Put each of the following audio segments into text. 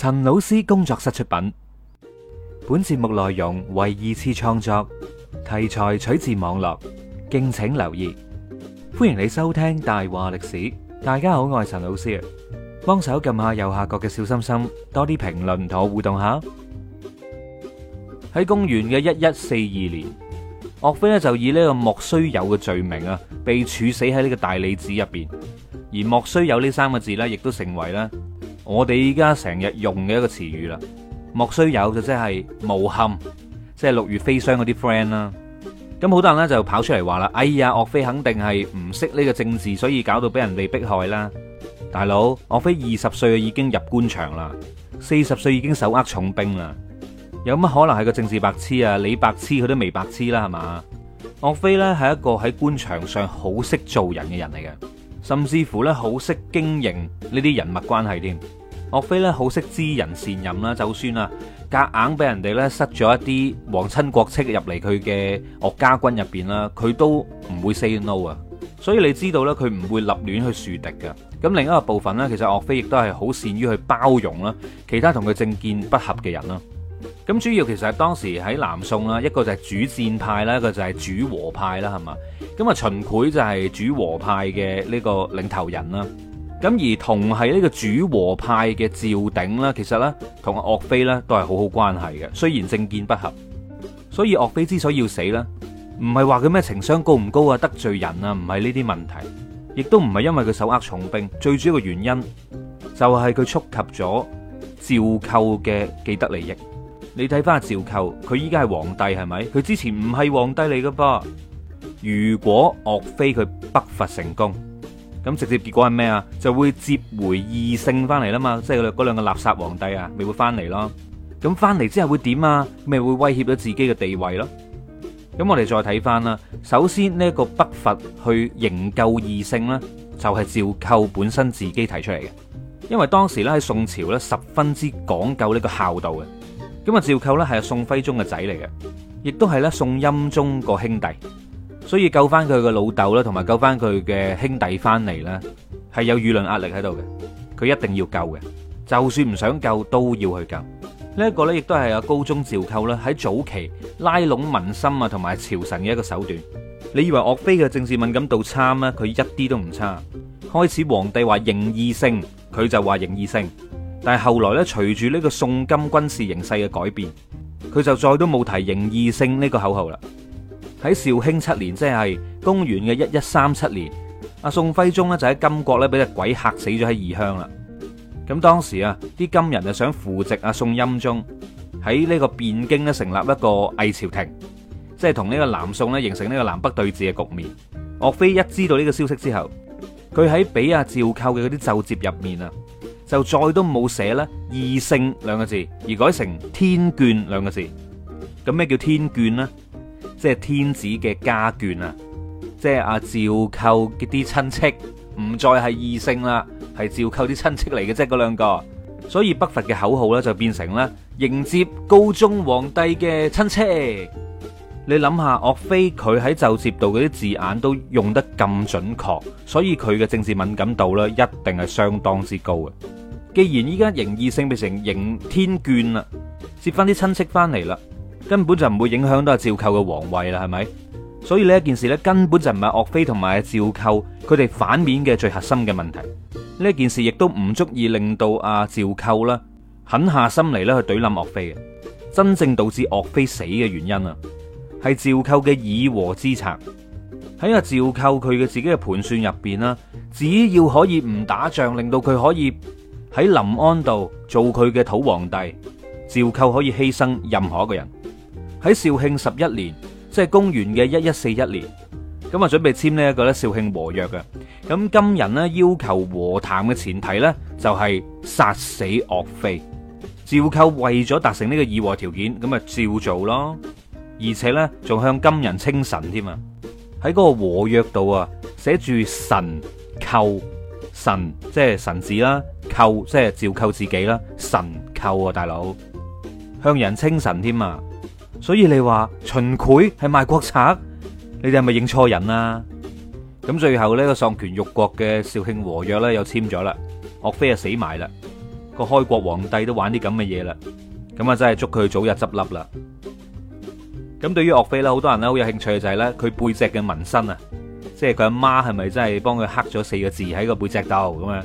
陳老師工作室出品，本節目內容為二次創作，題材取自網絡，敬請留意。歡迎你收聽大話歷史。大家好，我係陳老師啊，幫手撳下右下角嘅小心心，多啲評論同我互動下。喺公元嘅一一四二年，岳飛呢就以呢個莫須有嘅罪名啊，被處死喺呢個大理寺入邊，而莫須有呢三個字呢，亦都成為啦。我哋依家成日用嘅一個詞語啦，莫須有嘅即係無憾，即係六月飛霜嗰啲 friend 啦。咁好多人咧就跑出嚟話啦，哎呀，岳飛肯定係唔識呢個政治，所以搞到俾人哋迫害啦。大佬，岳飛二十歲已經入官場啦，四十歲已經手握重兵啦，有乜可能係個政治白痴啊？李白痴佢都未白痴啦，係嘛？岳飛呢係一個喺官場上好識做人嘅人嚟嘅，甚至乎呢好識經營呢啲人脈關係添。岳飛咧好識知人善任啦，就算啊夾硬俾人哋咧塞咗一啲皇親國戚入嚟佢嘅岳家軍入邊啦，佢都唔會 say no 啊！所以你知道咧，佢唔會立亂去樹敵噶。咁另一個部分呢，其實岳飛亦都係好善於去包容啦，其他同佢政見不合嘅人啦。咁主要其實係當時喺南宋啦，一個就係主戰派啦，一個就係主和派啦，係嘛？咁啊秦檜就係主和派嘅呢個領頭人啦。咁而同係呢個主和派嘅趙鼎啦，其實啦，同阿岳飛呢都係好好關係嘅，雖然政見不合。所以岳飛之所以要死呢唔係話佢咩情商高唔高啊，得罪人啊，唔係呢啲問題，亦都唔係因為佢手握重兵，最主要嘅原因就係佢觸及咗趙構嘅既得利益。你睇翻阿趙構，佢依家係皇帝係咪？佢之前唔係皇帝嚟噶噃。如果岳飛佢北伐成功。咁直接結果係咩啊？就會接回二聖翻嚟啦嘛，即係嗰兩個垃圾皇帝啊，咪會翻嚟咯。咁翻嚟之後會點啊？咪會威脅到自己嘅地位咯。咁我哋再睇翻啦。首先呢一個北伐去營救二聖咧，就係趙構本身自己提出嚟嘅，因為當時咧喺宋朝咧十分之講究呢個孝道嘅。咁啊，趙構咧係宋徽宗嘅仔嚟嘅，亦都係咧宋欽宗個兄弟。所以救翻佢嘅老豆啦，同埋救翻佢嘅兄弟翻嚟啦，係有輿論壓力喺度嘅，佢一定要救嘅，就算唔想救都要去救。呢一個咧，亦都係阿高宗趙構咧喺早期拉攏民心啊同埋朝臣嘅一個手段。你以為岳飛嘅政治敏感度差咩？佢一啲都唔差。開始皇帝話迎二聖，佢就話迎二聖，但係後來咧隨住呢個宋金軍事形勢嘅改變，佢就再都冇提迎二聖呢個口號啦。喺紹興七年，即係公元嘅一一三七年，阿宋徽宗咧就喺金國咧俾隻鬼嚇死咗喺異鄉啦。咁當時啊，啲金人就想扶植阿宋欽宗喺呢個汴京咧成立一個偽朝廷，即係同呢個南宋咧形成呢個南北對峙嘅局面。岳飛一知道呢個消息之後，佢喺俾阿趙構嘅嗰啲奏摺入面啊，就再都冇寫咧異姓兩個字，而改成天眷兩個字。咁咩叫天眷呢？即係天子嘅家眷啊！即係阿趙構嘅啲親戚唔再係異姓啦，係趙構啲親戚嚟嘅，即嗰兩個，所以北伐嘅口號咧就變成咧迎接高宗皇帝嘅親戚。你諗下，岳飛佢喺就接度嗰啲字眼都用得咁準確，所以佢嘅政治敏感度咧一定係相當之高嘅。既然依家迎異姓變成迎天眷啦，接翻啲親戚翻嚟啦。根本就唔會影響到阿趙構嘅皇位啦，係咪？所以呢件事呢，根本就唔係岳飛同埋阿趙構佢哋反面嘅最核心嘅問題。呢件事亦都唔足以令到阿、啊、趙構啦狠下心嚟啦去懟冧岳飛。真正導致岳飛死嘅原因啊，係趙構嘅以和之策。喺阿、啊、趙構佢嘅自己嘅盤算入邊啦，只要可以唔打仗，令到佢可以喺臨安度做佢嘅土皇帝，趙構可以犧牲任何一個人。喺紹興十一年，即係公元嘅一一四一年，咁啊準備簽呢一個咧紹興和約嘅。咁金人咧要求和談嘅前提呢，就係殺死岳飛，趙構為咗達成呢個議和條件，咁啊照做咯。而且呢，仲向金人稱神添啊！喺嗰個和約度啊寫住神構神，即係神字啦，構即係趙構自己啦，神構啊大佬，向人稱神添啊！所以你話秦檜係賣國賊，你哋係咪認錯人啊？咁最後呢個喪權辱國嘅紹興和約咧又簽咗啦，岳飛啊死埋啦，個開國皇帝都玩啲咁嘅嘢啦，咁啊真係祝佢早日執笠啦。咁對於岳飛咧，好多人咧好有興趣嘅就係咧佢背脊嘅紋身啊，即係佢阿媽係咪真係幫佢刻咗四個字喺個背脊度咁樣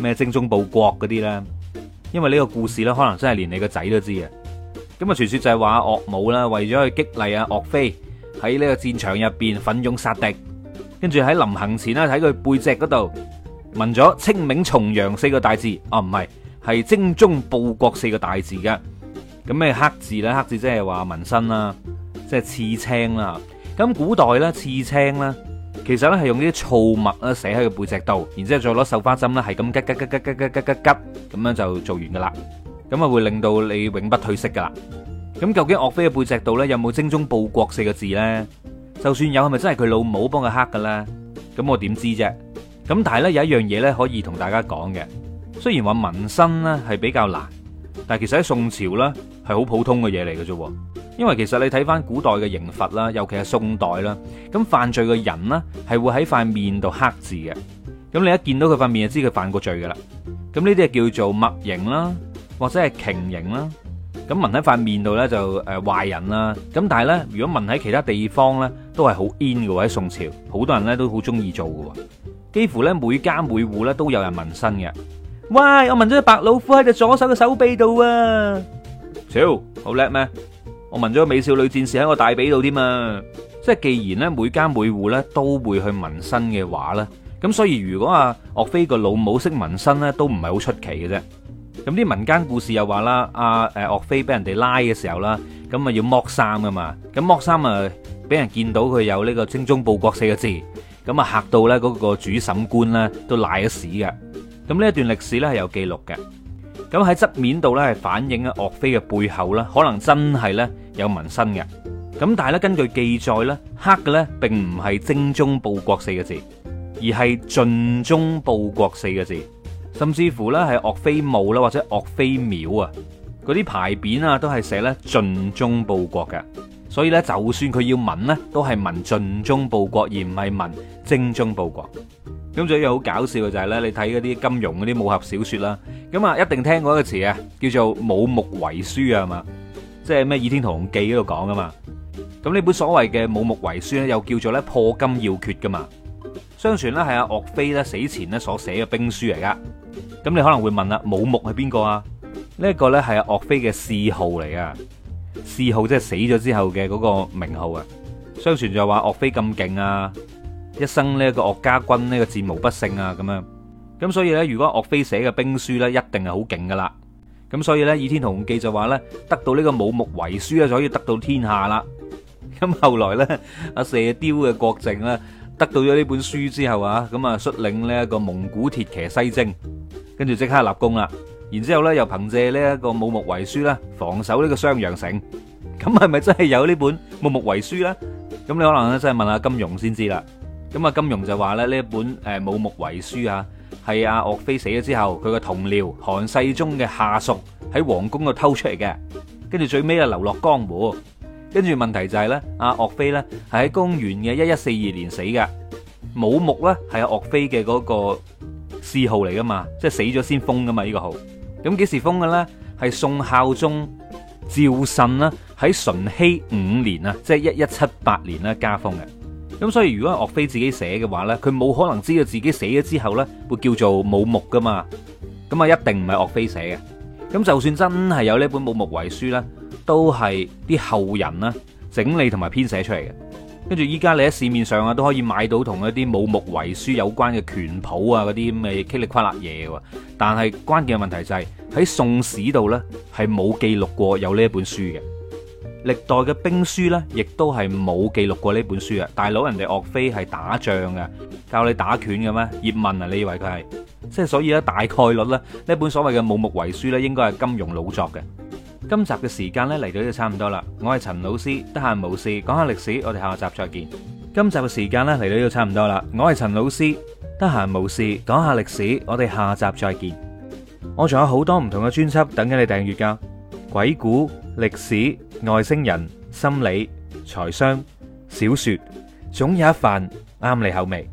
咩精忠報國嗰啲咧？因為呢個故事咧可能真係連你個仔都知啊。咁啊！傳說就係話岳母啦，為咗去激勵啊岳飛喺呢個戰場入面奮勇殺敵，跟住喺臨行前啦，喺佢背脊嗰度紋咗清明重陽四個大字。哦，唔係，係精忠報國四個大字㗎。咁咩黑字咧？黑字即係話紋身啦，即係刺青啦。咁古代咧，刺青啦其實咧係用啲醋墨啊寫喺個背脊度，然之後再攞繡花針咧係咁吉吉吉吉吉吉吉吉咁樣就做完噶啦。咁啊，就會令到你永不退色噶啦。咁究竟岳飛嘅背脊度咧有冇“精忠報國”四個字呢？就算有，係咪真係佢老母幫佢黑㗎咧？咁我點知啫？咁但係呢，呢有一樣嘢呢可以同大家講嘅，雖然話紋身呢係比較難，但係其實喺宋朝呢係好普通嘅嘢嚟嘅啫。因為其實你睇翻古代嘅刑罰啦，尤其係宋代啦，咁犯罪嘅人呢係會喺塊面度刻字嘅。咁你一見到佢塊面就知佢犯過罪噶啦。咁呢啲係叫做墨刑啦。或者係黥刑啦，咁紋喺塊面度咧就誒壞、呃、人啦、啊。咁但係咧如果紋喺其他地方咧都係好 in 嘅喎，喺宋朝好多人咧都好中意做嘅，幾乎咧每家每戶咧都有人紋身嘅。喂，我紋咗隻白老虎喺隻左手嘅手臂度啊，超好叻咩？我紋咗個美少女戰士喺我大髀度添啊！即係既然咧每家每戶咧都會去紋身嘅話咧，咁所以如果阿、啊、岳飛個老母識紋身咧都唔係好出奇嘅啫。咁啲民間故事又話啦，阿、啊、誒、啊、岳飛俾人哋拉嘅時候啦，咁啊要剝衫噶嘛，咁剝衫啊俾人見到佢有呢個精忠報國四個字，咁啊嚇到咧嗰個主審官咧都賴咗屎嘅。咁呢一段歷史咧係有記錄嘅。咁喺側面度咧係反映啊岳飛嘅背後咧可能真係咧有紋身嘅。咁但係咧根據記載咧，黑嘅咧並唔係精忠報國四個字，而係盡忠報國四個字。.甚至乎咧係岳飛墓啦或者岳飛廟啊，嗰啲牌匾啊都係寫咧盡忠報國嘅，所以咧就算佢要紋咧都係紋盡忠報國而唔係紋精忠報國。咁仲有一樣好搞笑嘅就係、是、咧，你睇嗰啲金庸嗰啲武俠小說啦，咁啊一定聽過一個詞啊，叫做《武穆遺書》啊，係嘛，即係咩《倚天屠龍記》嗰度講噶嘛。咁呢本所謂嘅《武穆遺書》咧又叫做咧破金要訣噶嘛，相傳咧係阿岳飛咧死前咧所寫嘅兵書嚟噶。咁你可能會問啦，武穆係邊個啊？呢一個咧係岳飛嘅諡號嚟呀。諡號即係死咗之後嘅嗰個名號啊。相傳就話岳飛咁勁啊，一生呢一個岳家軍呢個戰無不勝啊咁樣。咁所以咧，如果岳飛寫嘅兵書咧，一定係好勁噶啦。咁所以咧，《倚天屠龍記》就話咧，得到呢個武穆遺書咧，就可以得到天下啦。咁後來咧，阿射雕嘅郭靖呢，得到咗呢本書之後啊，咁啊率領呢一個蒙古鐵騎西征。跟住即刻立功啦，然之後咧又憑借呢一個《武穆遺書》咧防守呢個襄陽城，咁係咪真係有呢本《武穆遺書》咧？咁你可能咧真係問阿金庸先知啦。咁啊，金庸就話咧呢一本誒《武穆遺書》啊，係阿岳飛死咗之後，佢個同僚韓世忠嘅下屬喺皇宮度偷出嚟嘅，跟住最尾啊流落江湖。跟住問題就係咧，阿岳飛咧係喺公元嘅一一四二年死嘅，《武穆》咧係阿岳飛嘅嗰個。諡號嚟噶嘛，即係死咗先封噶嘛呢個號。咁幾時封嘅咧？係宋孝宗趙慎啦，喺淳熙五年啦，即係一一七八年啦加封嘅。咁所以如果是岳飛自己寫嘅話咧，佢冇可能知道自己死咗之後咧會叫做武穆噶嘛。咁啊，一定唔係岳飛寫嘅。咁就算真係有呢本《武穆遺書》咧，都係啲後人啦整理同埋編寫出嚟嘅。跟住依家你喺市面上啊，都可以買到同一啲武穆遺書有關嘅拳譜啊，嗰啲咁嘅傾力昆勒嘢喎，但係關鍵嘅問題就係，是，喺《宋史》度呢，係冇記錄過有呢一本書嘅，歷代嘅兵書呢，亦都係冇記錄過呢本書嘅。大佬人哋岳飛係打仗嘅，教你打拳嘅咩？葉問啊，你以為佢係？即係所以咧，大概率咧呢本所謂嘅武穆遺書呢，應該係金庸老作嘅。今集嘅時間咧嚟到呢度就差唔多啦，我係陳老師，得閒無事講下歷史，我哋下集再見。今集嘅時間咧嚟到呢度就差唔多啦，我係陳老師，得閒無事講下歷史，我哋下集再見。我仲有好多唔同嘅專輯等緊你訂閱噶，鬼故、歷史、外星人、心理、財商、小說，總有一份啱你口味。